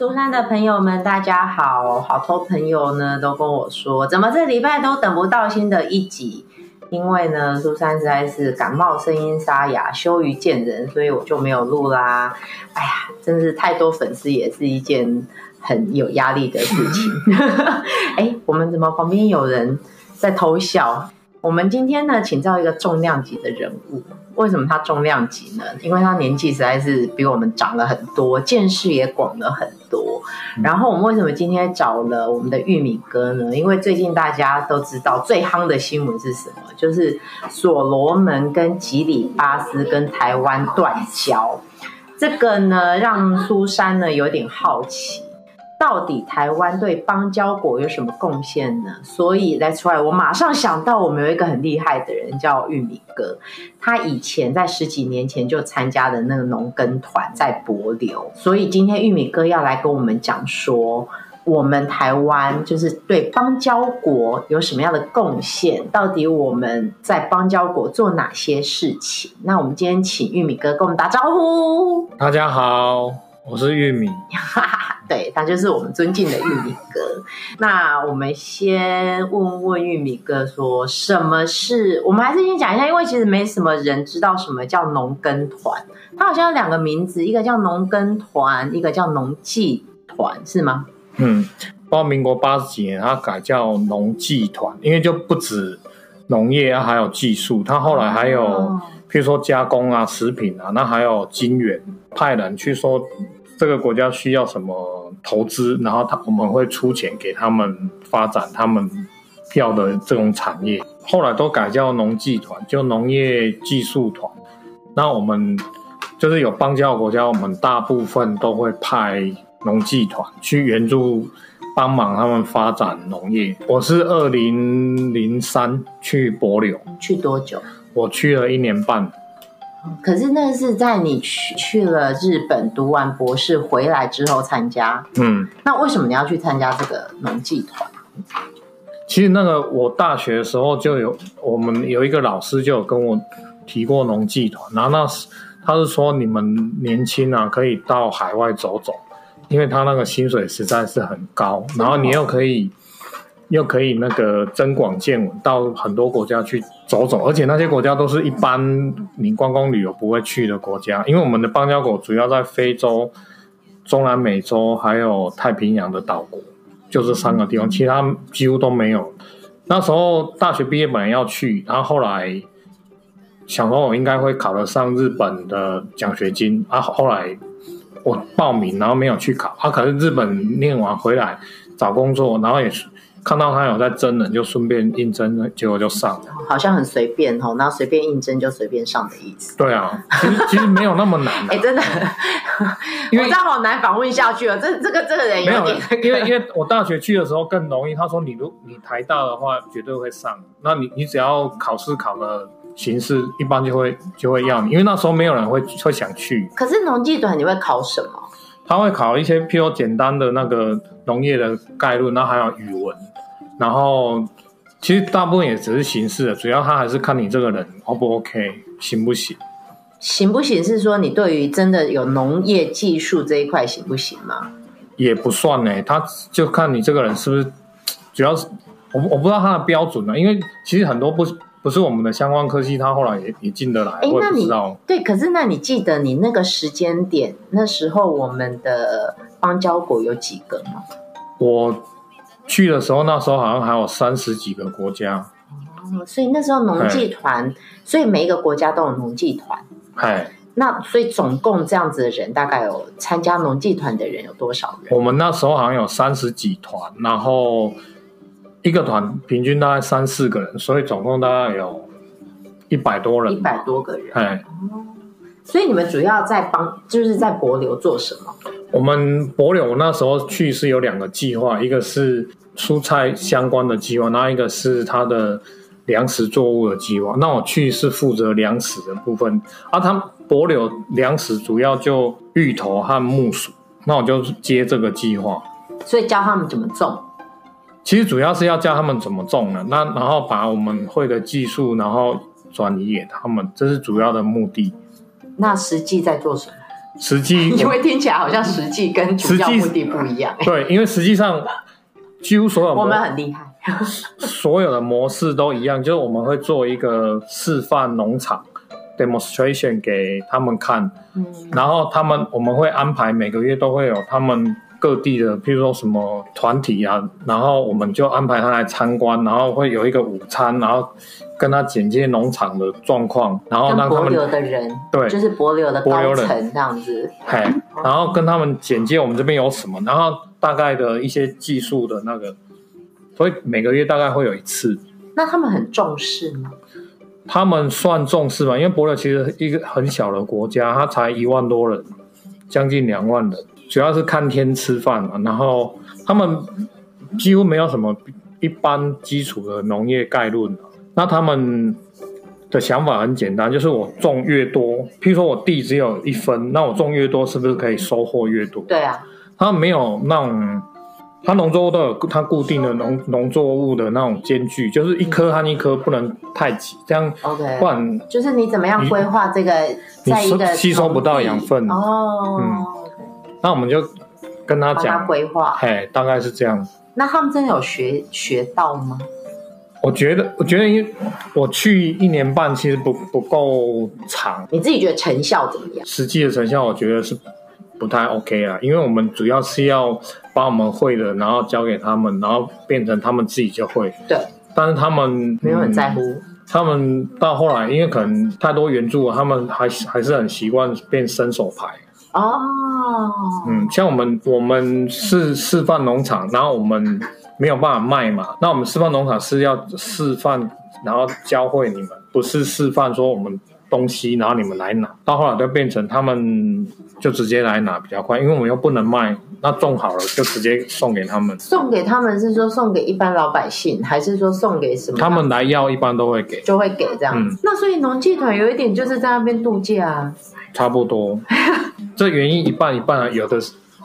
蘇珊的朋友們，大家好！好多朋友呢都跟我說，怎麼這禮拜都等不到新的一集？因為呢，蘇珊實在是感冒，聲音沙啞，羞於見人，所以我就沒有錄啦、啊。哎呀，真的是太多粉絲也是一件很有壓力的事情。哎、 欸，我們怎麼旁邊有人在偷笑？我們今天呢，請到一個重量級的人物。為什麼他重量級呢？因為他年紀實在是比我們長了很多，見識也廣了很多。嗯、然後我們為什麼今天找了我們的玉米哥呢？因為最近大家都知道最夯的新聞是什麼？就是所羅門跟吉里巴斯跟台灣斷交。這個呢，讓蘇珊呢有點好奇。到底台灣對邦交國有什麼貢獻呢？所以 That's why、right，我馬上想到我們有一個很厲害的人叫玉米哥，他以前在十幾年前就參加的那個農耕團在帛琉，所以今天玉米哥要來跟我們講說，我們台灣就是對邦交國有什麼樣的貢獻？到底我們在邦交國做哪些事情？那我們今天請玉米哥跟我們打招呼。大家好。我是玉米， 對，他就是我們尊敬的玉米哥。那我們先問問玉米哥，說什麼事？我們還是先講一下，因為其實沒什麼人知道什麼叫農耕團。他好像有兩個名字，一個叫農耕團，一個叫農技團，是嗎？嗯，包括民國八十幾年，他改叫農技團，因為就不止農業，還有技術。他後來還有、嗯。譬如說加工啊、食品啊，那還有金援派人去說這個國家需要什麼投資，然後他我們會出錢給他們發展他們要的這種產業。後來都改叫農技團，就農業技術團。那我們就是有邦交國家，我們大部分都會派農技團去援助、幫忙他們發展農業。我是二零零三去帛琉，去多久？我去了一年半。嗯，可是那是在你去去了日本讀完博士回來之後參加？嗯，那為什麼你要去參加這個農技團？其實那個我大學的時候就有，我們有一個老師就有跟我提過農技團。然後那是他是說，你們年輕啊，可以到海外走走，因為他那個薪水實在是很高，然後你又可以，嗯哦。又可以那個增廣見聞，到很多國家去走走，而且那些國家都是一般你觀光旅遊不會去的國家，因為我們的邦交國主要在非洲、中南美洲還有太平洋的島國，就是三個地方，其他幾乎都沒有。那時候大學畢業本來要去，然後後來想說我應該會考得上日本的獎學金啊，後來我報名然後沒有去考啊，可是日本念完回來找工作，然後也是。看到他有在徵人就，就順便應徵了，結果就上了。好像很隨便吼，那隨便應徵就隨便上的意思。對啊，其實其實沒有那麼難的、啊。哎、 欸，真的，你們知道往難訪問下去了，這這個這個人有點。沒有因為因為我大學去的時候更容易，他說，你如你台大的話絕對會上，那你你只要考試考的形式，一般就會就會要你，因為那時候沒有人會會想去。可是農技團你會考什麼？他會考一些，比較簡單的那個農業的概論，然後還有語文，然後其實大部分也只是形式的，主要他還是看你這個人 O 不 OK，行不行？行不行是說你對於真的有農業技術這一塊行不行嗎？也不算呢，他就看你這個人是不是，主要是我我不知道他的標準呢，啊，因為其實很多不。不是我們的相關科技，它後來也也進得來。哎、欸，那你知道，對，可是那你記得你那個時間點，那時候我們的邦交國有幾個嗎？我去的時候，那時候好像還有三十幾個國家。哦，所以那時候農技團，嘿所以每一個國家都有農技團。哎嘿，那所以總共這樣子的人，大概有參加農技團的人有多少人？我們那時候好像有三十幾團，然後。一個團平均大概三四個人，所以總共大概有一百多人，一百多個人。哎對、嗯，所以你們主要在幫，就是在帛琉做什麼？我們帛琉那時候去是有兩個計劃，一個是蔬菜相關的計劃，那一個是它的糧食作物的計劃。那我去是負責糧食的部分，啊，他們帛琉糧食主要就芋頭和木薯，那我就接這個計劃，所以教他們怎麼種。其實主要是要教他們怎麼種的，那然後把我們會的技術，然後轉移給他們，這是主要的目的。那實際在做什麼？實際 因為聽起來好像實際跟主要目的不一樣。對，因為實際上，幾乎所有我們很厲害， 所有的模式都一樣，就是我們會做一個示範農場 （demonstration） 給他們看，嗯，然後他們我們會安排每個月都會有他們。各地的，譬如說什麼團體啊，然後我們就安排他來參觀，然後會有一個午餐，然後跟他簡介農場的狀況，然後那個帛琉的人，對，就是帛琉的高層這樣子。哎，然後跟他們簡介我們這邊有什麼，然後大概的一些技術的那個，所以每個月大概會有一次。那他們很重視嗎？他們算重視吧，因為帛琉其實一個很小的國家，它才一萬多人，將近兩萬人。主要是看天吃飯嘛，然後他們幾乎沒有什麼一般基礎的農業概論。那他們的想法很簡單，就是我種越多，譬如說我地只有一分，那我種越多，是不是可以收穫越多？對啊，他沒有那種，他農作物都有他固定的農農作物的那種間距，就是一棵和一棵不能太擠，嗯、這樣 Okay. 不然就是你怎麼樣規劃這個在一個你你吸收不到養分哦。嗯。那我們就跟他講，幫他規劃，哎，大概是這樣。那他們真的有學學到嗎？我覺得，我覺得，因為我去一年半，其實不不夠長。你自己覺得成效怎麼樣？實際的成效，我覺得是不太 OK 啊，因為我們主要是要把我們會的，然後教給他們，然後變成他們自己就會。對。但是他們沒有很在乎。嗯，他們到後來，因為可能太多援助，他們還還是很習慣變伸手牌。哦，oh. 嗯，像我們我們是示範農場，然後我們沒有辦法賣嘛。那我們示範農場是要示範，然後教會你們，不是示範說我們東西，然後你們來拿。到後來就變成他們就直接來拿比較快，因為我們又不能賣，那種好了就直接送給他們。送給他們是說送給一般老百姓，還是說送給什麼給？他們來要一般都會給，就會給這樣。嗯。那所以農技團有一點就是在那邊度假啊。差不多， 這原因一半一半，有的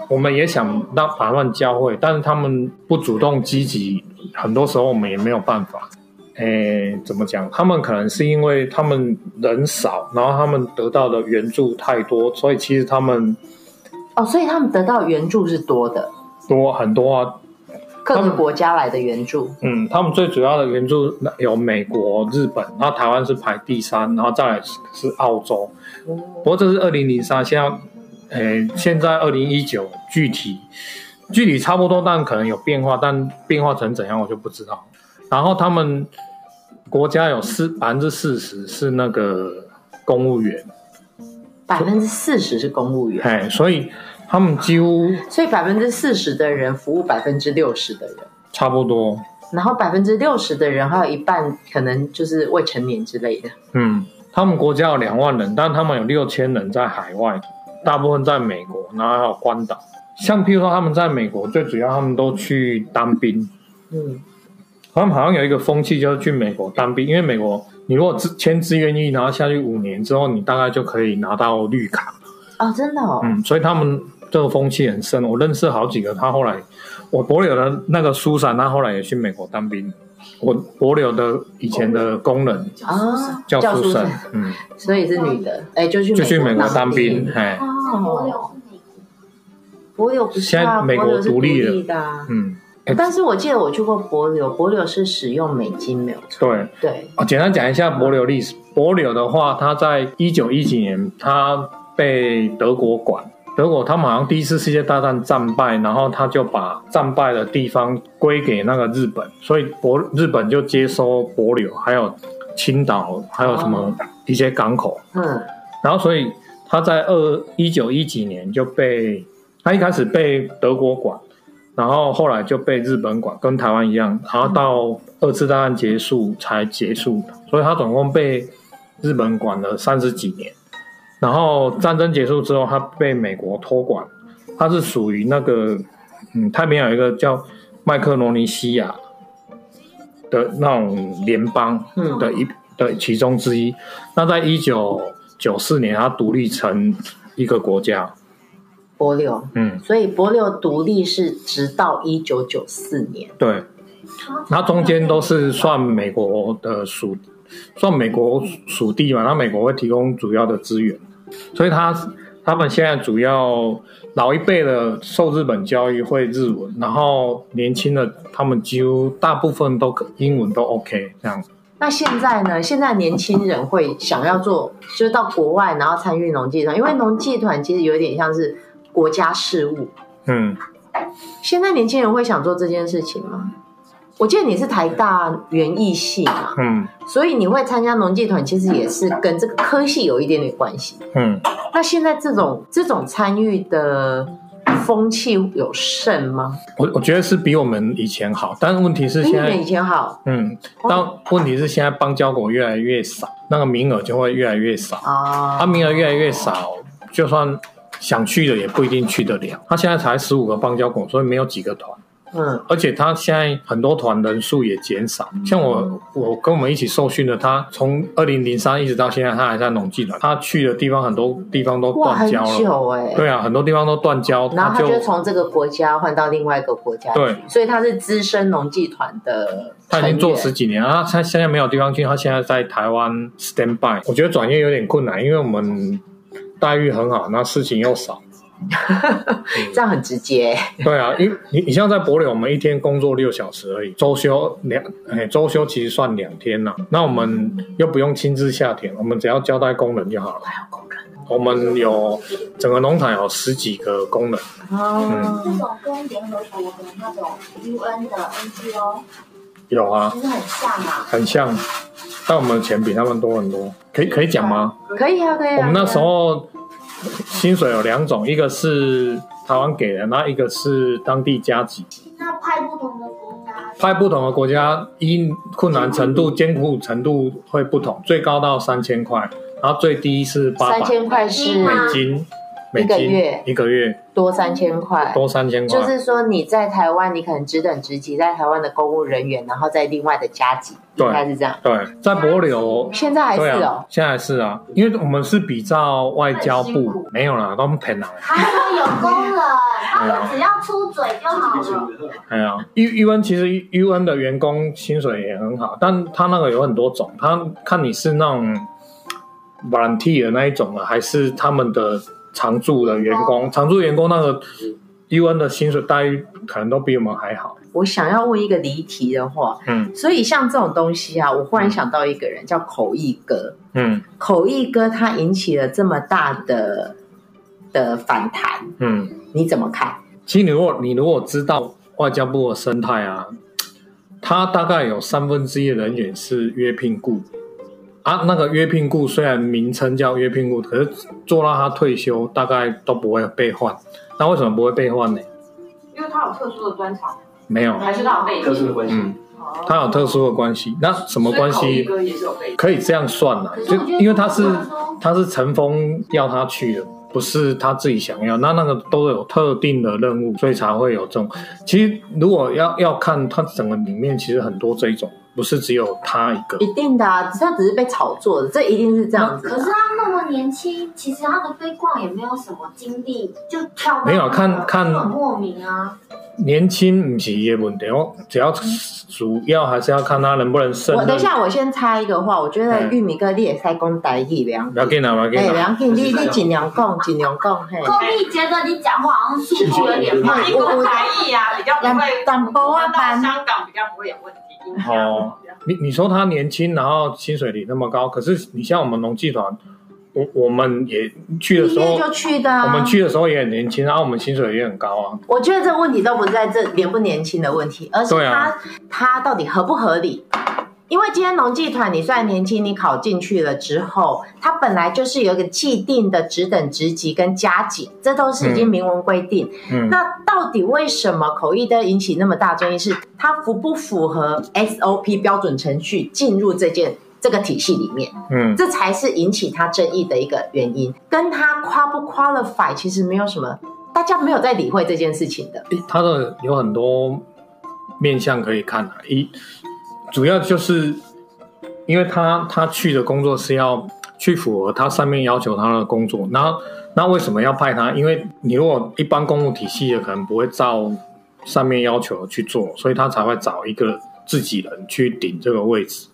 我們也想讓把他們教會，但是他們不主動積極，很多時候我們也沒有辦法。誒，怎麼講？他們可能是因為他們人少，然後他們得到的援助太多，所以其實他們……哦，所以他們得到援助是多的，多很多啊。各個國家來的援助，嗯，他們最主要的援助有美國、日本，然後台灣是排第三，然後再來是澳洲。不過這是二零零三，現在，誒，現在二零一九，具體，具體差不多，但可能有變化，但變化成怎樣我就不知道。然後他們國家有四百分之四十是那個公務員，百分之四十是公務員，哎，所以。他們幾乎，所以百分之四十的人服務百分之六十的人，差不多。然後百分之六十的人還有一半可能就是未成年之類的。嗯，他們國家有兩萬人，但他們有六千人在海外，大部分在美國，然後還有關島。像譬如說他們在美國，最主要他們都去當兵。嗯，他們好像有一個風氣就是去美國當兵，因為美國你如果自簽志願役，然後下去五年之後，你大概就可以拿到綠卡。啊、哦，真的哦。嗯，所以他們。這個風氣很深，我認識好幾個。他後來，我帛琉的那個蘇珊，他後來也去美國當兵。我帛琉的以前的工人生啊，叫蘇珊，蘇生嗯，塞所以是女的，哎、欸，就去就去美國當兵，哎、嗯，帛琉去美國，不是、啊、現在美國獨立,了獨立的、啊，嗯。欸、但是我記得我去過帛琉，帛琉是使用美金，沒有錯。對對，我對、哦、簡單講一下帛琉歷史。帛琉的話，他在一九一幾年，他被德國管。德國他們好像第一次世界大戰戰敗，然後他就把戰敗的地方歸給那個日本，所以帛日本就接收帛琉，還有青島，還有什麼一些港口。嗯，嗯，然後所以他在二一九一幾年就被他一開始被德國管，然後後來就被日本管，跟台灣一樣，然後到二次大戰結束才結束，所以他總共被日本管了三十幾年。然後戰爭結束之後，他被美國託管，他是屬於那個，嗯，太平洋有一個叫麥克羅尼西亞的那種聯邦的一、嗯、的其中之一。那在一九九四年，他獨立成一個國家，帛琉，嗯，所以帛琉獨立是直到一九九四年。對，那中間都是算美國的屬，算美國屬地嘛，那美國會提供主要的資源。所以他他們現在主要老一輩的受日本教育會日文，然後年輕的他們幾乎大部分都英文都 OK 這樣。那現在呢？現在年輕人會想要做，就是到國外然後參與農技團，因為農技團其實有點像是國家事務。嗯，現在年輕人會想做這件事情嗎？我記得你是台大園藝系嘛，嗯，所以你會參加農技團，其實也是跟這個科系有一點點關係，嗯。那現在這種這種參與的風氣有盛嗎？我我覺得是比我們以前好，但是問題是現在比以前好，嗯。哦、但問題是現在邦交國越來越少，那個名額就會越來越少、哦、啊。他名額越來越少，就算想去的也不一定去得了。他現在才十五個邦交國，所以沒有幾個團。嗯，而且他現在很多團人數也減少，嗯、像我，我跟我們一起受訓的他，他從二零零三一直到現在，他還在農技團，他去的地方很多地方都斷交了，哎，很欸、對啊，很多地方都斷交，然後他就從這個國家換到另外一個國家去，對所以他是資深農技團的。他已經做十幾年了，他現在沒有地方去，他現在在台灣 stand by。我覺得轉業有點困難，因為我們待遇很好，那事情又少。 這樣很直接、欸。 對啊，因為你你像在帛琉，我們一天工作六小時而已，周休兩，哎，周、欸、休其實算兩天了、啊、那我們又不用親自下田，我們只要交代工人就好了。還有工人我們有整個農場有十幾個工人。哦、嗯。這、嗯、種跟聯合國的那種 UN 的 NGO 有啊，其實很像嘛、啊，很像。但我們錢比他們多很多，可以可以講嗎？嗯、可以啊，可以、啊。我們那時候。薪水有兩種，一個是台灣給的，那一個是當地加給。那派不同的國家，派不同的國家，因困難程度、艱苦，艱苦程度會不同，最高到三千塊，然後最低是八百。三千塊是美金。一個月，一個月多三千塊，多三千塊，就是說你在台灣，你可能只等職級，在台灣的公務人員，然後再另外的加級，對應該是這樣。對，在帛琉現在還是哦、喔啊，現在還是啊，因為我們是比照外交部，沒有啦了，他平了。有工人，他們只要出嘴就好了。還有、 啊啊、UN 其實 UN 的員工薪水也很好，但他那個有很多種，他看你是那種 volunteer 那一種啊，還是他們的。常駐的員工，究常駐員工那個、嗯、UN 的薪水待遇可能都比我們還好。我想要問一個離題的話，嗯，所以像這種東西啊，我忽然想到一個人、嗯、叫口譯哥，嗯，口譯哥他引起了這麼大的的反彈，嗯，你怎麼看？其實你如果你如果知道外交部的生態啊，他大概有三分之一的人員是約聘僱，啊，那個約聘雇雖然名稱叫約聘雇，可是做到他退休大概都不會被換。那為什麼不會被換呢？因為他有特殊的專長，沒有還是他有背景特殊的關係。他、嗯嗯、有特殊的關係，嗯、那什麼關係？以可以這樣算的、啊，就因為他是，是他是陳峰要他去的，不是他自己想要。那那個都有特定的任務，所以才會有這種。其實如果要要看他整個裡面，其實很多這一種。不是只有他一個，一定的啊，他只是被炒作的，這一定是這樣子。可是他那麼年輕，其實他的飛慣也沒有什麼經歷，就跳沒有看看很莫名啊。年輕不是他的問題，我只要主要還是要看他能不能勝。我等下我先猜一個話，我覺得玉米哥你也應該講台語啦，不要緊啊，哎，梁慶，你你盡量講，盡量講，嘿。我你覺得你講話好像速度有點慢，台語啊，比較不會，不過香港比較不會有問題。哦、啊，你你說他年輕，然後薪水領那麼高，可是你像我們農技團，我我們也去的時候，就去的啊、我們去的時候也很年輕，然後我們薪水也很高啊。我覺得這問題都不是在這年不年輕的問題，而是他、啊、他到底合不合理。因為今天農技團，你雖然年輕，你考進去了之後，它本來就是有一個既定的職等職級跟加級，這都是已經明文規定。嗯，嗯，那到底為什麼口譯的引起那麼大爭議？是它符不符合 SOP 標準程序進入這件這個體系裡面？嗯，這才是引起他爭議的一個原因，跟他誇不 qualify 其實沒有什麼，大家沒有在理會這件事情的。他的有很多面向可以看啊，一。主要就是，因為他他去的工作是要去符合他上面要求他的工作，然後，那那為什麼要派他？因為你如果一般公務體系的可能不會照上面要求去做，所以他才會找一個自己人去頂這個位置。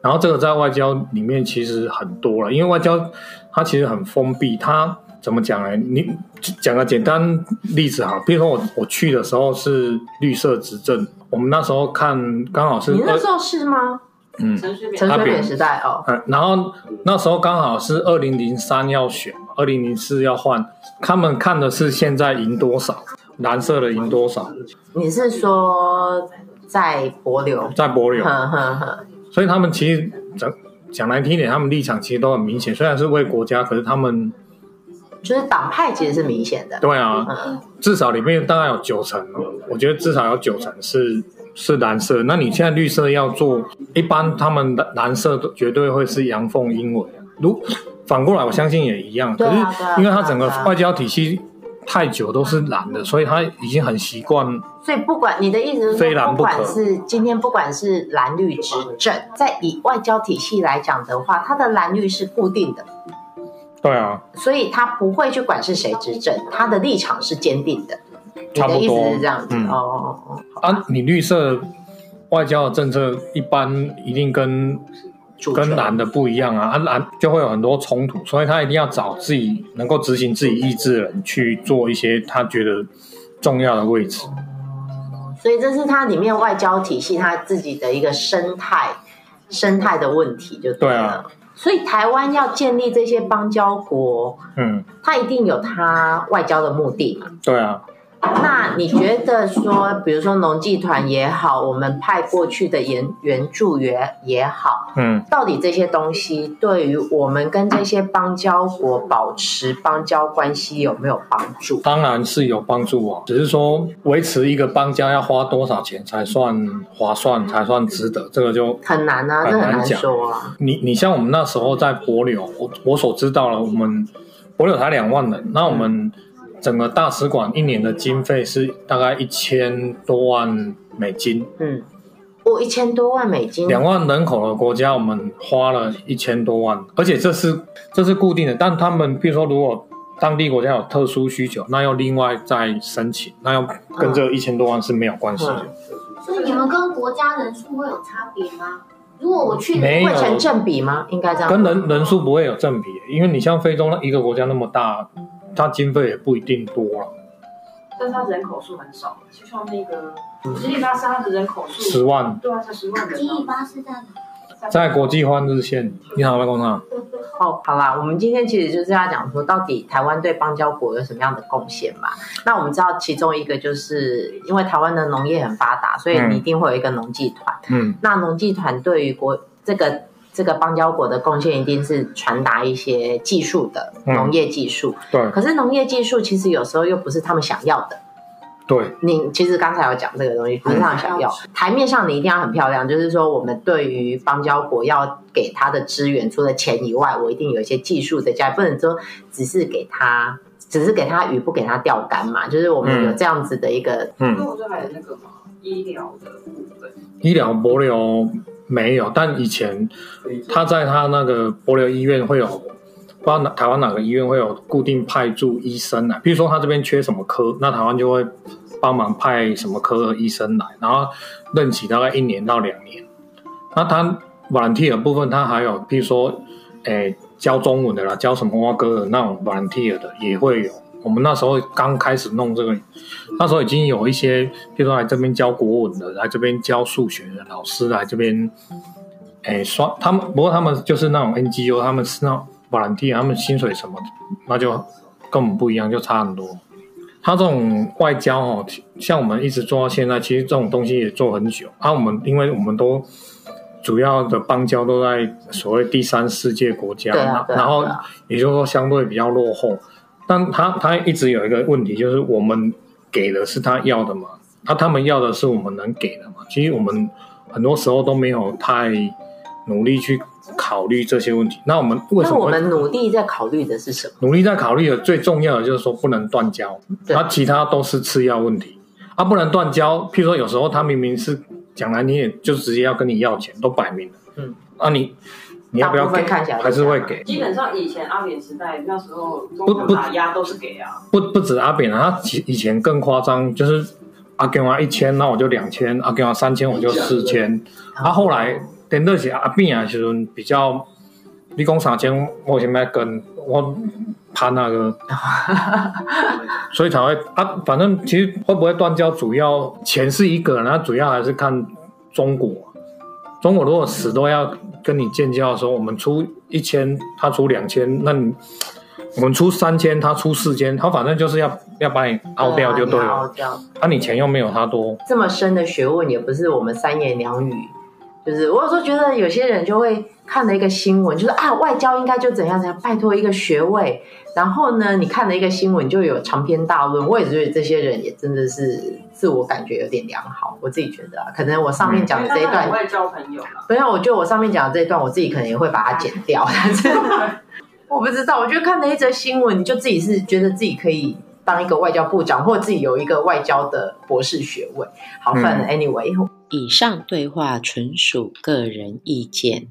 然後這個在外交裡面其實很多了，因為外交它其實很封閉，它。怎麼講呢？你講個簡單例子哈，比如說我我去的時候是綠色執政，我們那時候看剛好是。你那時候是嗎？嗯，陳水扁時代哦。嗯，然後那時候剛好是二零零三要選，二零零四要換，他們看的是現在贏多少，藍色的贏多少。你是說在帛琉，在帛琉。呵呵呵。所以他們其實講講難聽一點，他們立場其實都很明顯，雖然是為國家，可是他們。就是黨派其實是明顯的，對啊，嗯、至少裡面大概有九成、哦、我覺得至少有九成是是藍色。那你現在綠色要做，一般他們的藍色都絕對會是陽奉陰違啊，如反過來，我相信也一樣。嗯、可是因為他整個外交體系太久都是藍的，嗯、所以他已經很習慣非藍不可。所以不管你的意思是說，不管是今天不管是藍綠執政，在以外交體系來講的話，它的藍綠是固定的。對啊，所以他不會去管是誰執政，他的立場是堅定的。他的意思是這樣子、嗯、哦？啊，你綠色外交的政策一般一定跟角跟藍的不一樣啊，啊藍就會有很多衝突，所以他一定要找自己能夠執行自己意志的人去做一些他覺得重要的位置。所以這是他裡面外交體系他自己的一個生態生態的問題，就對了。對啊所以台灣要建立這些邦交國，嗯，他一定有他外交的目的。對啊。那你覺得說，比如說農技團也好，我們派過去的援援助員也好，嗯，到底這些東西對於我們跟這些邦交國保持邦交關係有沒有幫助？當然是有幫助啊，只是說維持一個邦交要花多少錢才算划算，才算值得，嗯、這個就很難啊，很難講。難說啊、你你像我們那時候在帛琉，我我所知道了我們帛琉才兩萬人，嗯、那我們。整個大使館一年的經費是大概一千多萬美金。嗯，哦，一千多萬美金。兩萬人口的國家，我們花了一千多萬，而且這是這是固定的。但他們比如說，如果當地國家有特殊需求，那要另外再申請，那要跟這一千多萬是沒有關係的。嗯嗯。所以你們跟國家人數會有差別嗎？如果我去，沒有，會成正比嗎？應該這樣，跟人人數不會有正比，因為你像非洲那一個國家那麼大。它經費也不一定多了，但是它人口數很少，就像那個吉里巴斯的人口數十萬，對啊，才十萬。吉里巴斯是在哪？在國際換日線。你好，外公啊。哦，好啦，我們今天其實就是要講說，到底台灣對邦交國有什麼樣的貢獻吧？那我們知道，其中一個就是因為台灣的農業很發達，所以你一定會有一個農技團。嗯，那農技團對於國這個。這個邦交國的貢獻一定是傳達一些技術的、嗯、農業技術，對。可是農業技術其實有時候又不是他們想要的，對。你其實剛才有講這個東西不是他們想要，台面上你一定要很漂亮，就是說我們對於邦交國要給他的資源，除了錢以外，我一定有一些技術的加，不能說只是給他，只是給他魚不給他釣竿嘛，就是我們有這樣子的一個。嗯，那不是還有那個嗎？醫療的部分，醫療、醫療。沒有，但以前他在他那個帛琉醫院會有，不知道哪台灣哪個醫院會有固定派駐醫生來，比如說他這邊缺什麼科，那台灣就會幫忙派什麼科的醫生來，然後任期大概一年到兩年。那他 volunteer 部分，他還有，比如說，誒教中文的啦，教什麼花歌的那種 volunteer 的也會有。我們那時候剛開始弄這個，那時候已經有一些，比如說來這邊教國文的，來這邊教數學的老師來這邊，哎、欸，說他們，不過他們就是那種 NGO 他們是那種 volunteer，他們薪水，什麼的，那就跟我們不一樣，就差很多。他這種外交哈，像我們一直做到現在，其實這種東西也做很久。啊，我們因為我們都主要的邦交都在所謂第三世界國家，啊啊、然後也就是說相對比較落後。但他他一直有一個問題，就是我們給的是他要的嘛、啊，他們要的是我們能給的嘛。其實我們很多時候都沒有太努力去考慮這些問題。那我們為什麼？那我們努力在考慮的是什麼？努力在考慮的最重要的就是說不能斷交，他對、啊、其他都是次要問題。啊，不能斷交，譬如說有時候他明明是講，來你也就直接要跟你要錢，都擺明了。嗯，那、啊、你。你要不要再看起來還是會給。基本上以前阿扁時代那時候不打壓都是給啊。不不止阿扁啊，他以前更誇張，就是阿給我一千，那我就兩千；阿給我三千，我就四千。他後來等到起阿扁啊，其實比較你講，三千我先買跟我怕那個， 所以才會啊。反正其實會不會斷交，主要錢是一個，那主要還是看中國。中國如果死都要。嗯跟你建交的時候，我們出一千，他出兩千，那你我們出三千，他出四千，他反正就是要要把你凹掉就對了，他那、啊你，啊、你錢又沒有他多、嗯。這麼深的學問也不是我們三言兩語，就是我有時候覺得有些人就會看了一個新聞，就是啊外交應該就怎樣怎樣，拜托一個學位，然後呢，你看了一個新聞就有長篇大論，我也覺得這些人也真的是。自我感覺有點良好，我自己覺得、啊，可能我上面講的這一段不、嗯、交朋友了。沒有，我覺得我上面講的這一段，我自己可能也會把它剪掉。但是、嗯、我不知道，我覺得看了一則新聞，你就自己是覺得自己可以當一個外交部長，或者自己有一個外交的博士學位，好 fun。嗯、anyway，以上對話純屬個人意見。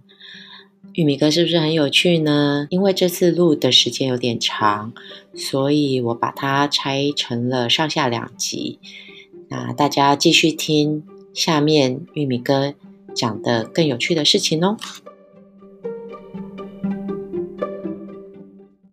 玉米哥是不是很有趣呢？因為這次錄的時間有點長，所以我把它拆成了上下兩集。那大家繼續聽下面玉米哥講的更有趣的事情哦。